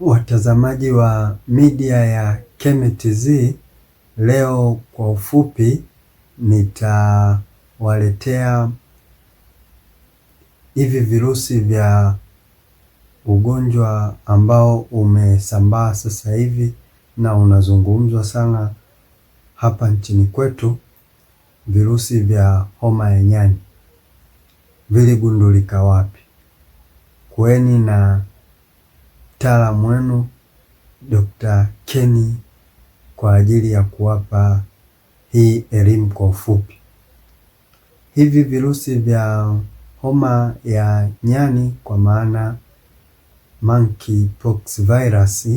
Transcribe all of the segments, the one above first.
Watazamaji wa media ya Kemetz, leo kwa ufupi nitawaletea hivi virusi vya ugonjwa ambao umesambaa sasa hivi na unazungumzwa sana hapa nchini kwetu, virusi vya homa ya nyani viligundulika wapi? kweni na mtaalamu wenu Dr. Kenny kwa ajili ya kuwapa hii elimu kwa ufupi. Hivi virusi vya homa ya nyani kwa maana monkeypox virus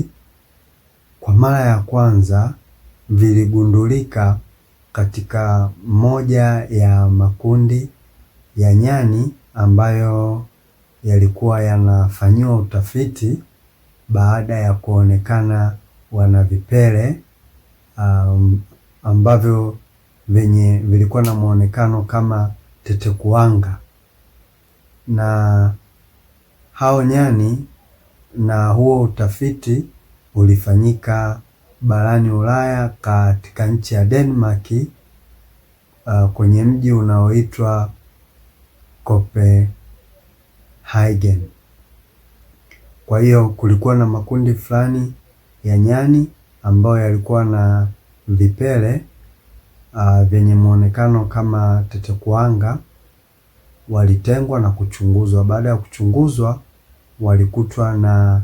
kwa mara ya kwanza viligundulika katika moja ya makundi ya nyani ambayo yalikuwa yanafanyiwa utafiti baada ya kuonekana wana vipele um, ambavyo venye vilikuwa na muonekano kama tetekuanga na hao nyani. Na huo utafiti ulifanyika barani Ulaya katika nchi ya Denmark uh, kwenye mji unaoitwa Copenhagen. Kwa hiyo kulikuwa na makundi fulani ya nyani ambayo yalikuwa na vipele uh, vyenye muonekano kama tetekuanga walitengwa na kuchunguzwa. Baada ya kuchunguzwa, walikutwa na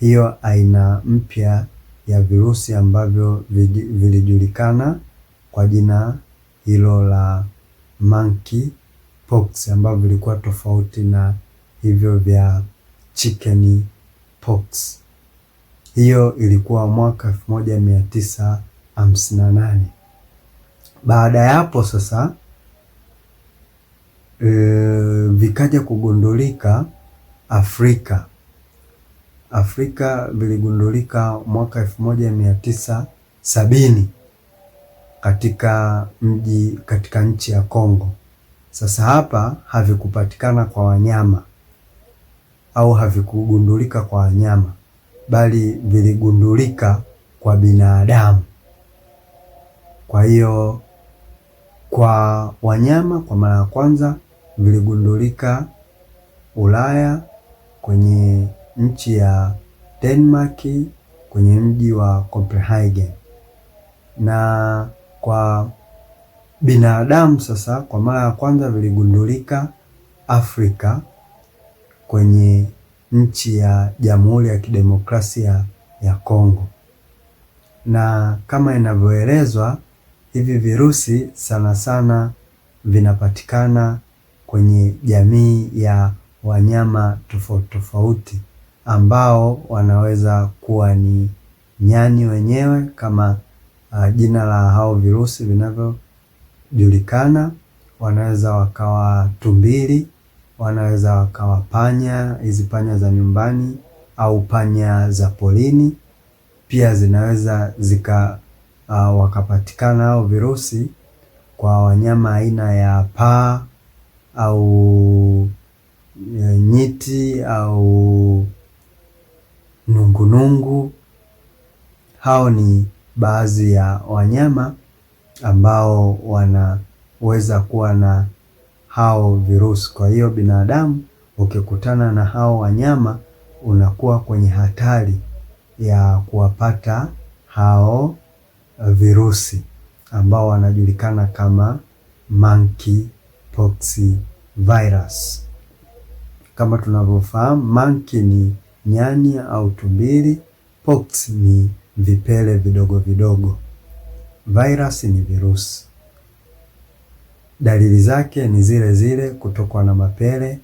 hiyo aina mpya ya virusi ambavyo vilijulikana kwa jina hilo la pox ambavyo vilikuwa tofauti na hivyo vya chicken pox. Hiyo ilikuwa mwaka elfu moja mia tisa hamsini na nane. Baada ya hapo sasa e, vikaja kugundulika Afrika. Afrika viligundulika mwaka elfu moja mia tisa sabini katika mji katika nchi ya Kongo. Sasa hapa havikupatikana kwa wanyama au havikugundulika kwa wanyama, bali viligundulika kwa binadamu. Kwa hiyo kwa wanyama kwa mara ya kwanza viligundulika Ulaya kwenye nchi ya Denmark kwenye mji wa Copenhagen, na kwa binadamu sasa kwa mara ya kwanza viligundulika Afrika kwenye nchi ya Jamhuri ya Kidemokrasia ya Kongo, na kama inavyoelezwa hivi virusi sana sana vinapatikana kwenye jamii ya wanyama tofauti tofauti ambao wanaweza kuwa ni nyani wenyewe kama uh, jina la hao virusi vinavyojulikana, wanaweza wakawa tumbili wanaweza wakawa panya, hizi panya za nyumbani au panya za polini pia zinaweza zika uh, wakapatikana hao virusi kwa wanyama aina ya paa au eh, nyiti au nungunungu. Hao ni baadhi ya wanyama ambao wanaweza kuwa na hao virusi. Kwa hiyo binadamu ukikutana na hao wanyama unakuwa kwenye hatari ya kuwapata hao virusi ambao wanajulikana kama pox virus. Kama tunavyofahamu, monkey ni nyani au tumbili, pox ni vipele vidogo vidogo, virus ni virusi. Dalili zake ni zile zile, kutokwa na mapele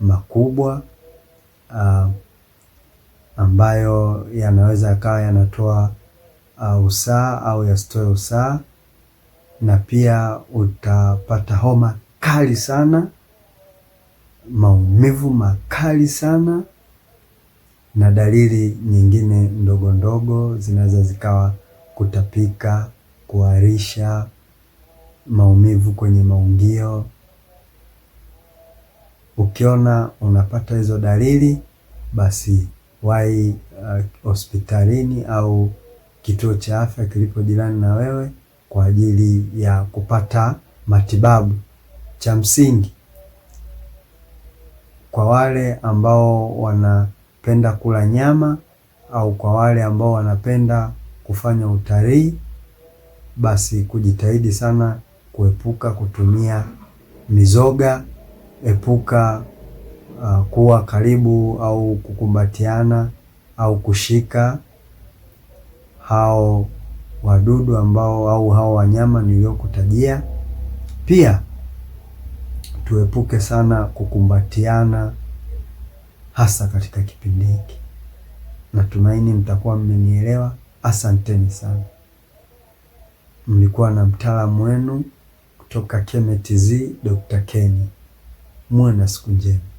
makubwa uh, ambayo yanaweza yakawa yanatoa uh, usaa au yasitoe usaa, na pia utapata homa kali sana, maumivu makali sana, na dalili nyingine ndogo ndogo zinaweza zikawa kutapika, kuharisha maumivu kwenye maungio. Ukiona unapata hizo dalili, basi wahi uh, hospitalini uh, au kituo cha afya kilipo jirani na wewe kwa ajili ya kupata matibabu. Cha msingi kwa wale ambao wanapenda kula nyama au kwa wale ambao wanapenda kufanya utalii, basi kujitahidi sana kuepuka kutumia mizoga, epuka uh, kuwa karibu au kukumbatiana au kushika hao wadudu ambao au hao wanyama niliokutajia. Pia tuepuke sana kukumbatiana hasa katika kipindi hiki. Natumaini mtakuwa mmenielewa. Asanteni sana. Mlikuwa na mtaalamu wenu Toka Kemetz, Dr. Kenny. Mwana siku njema.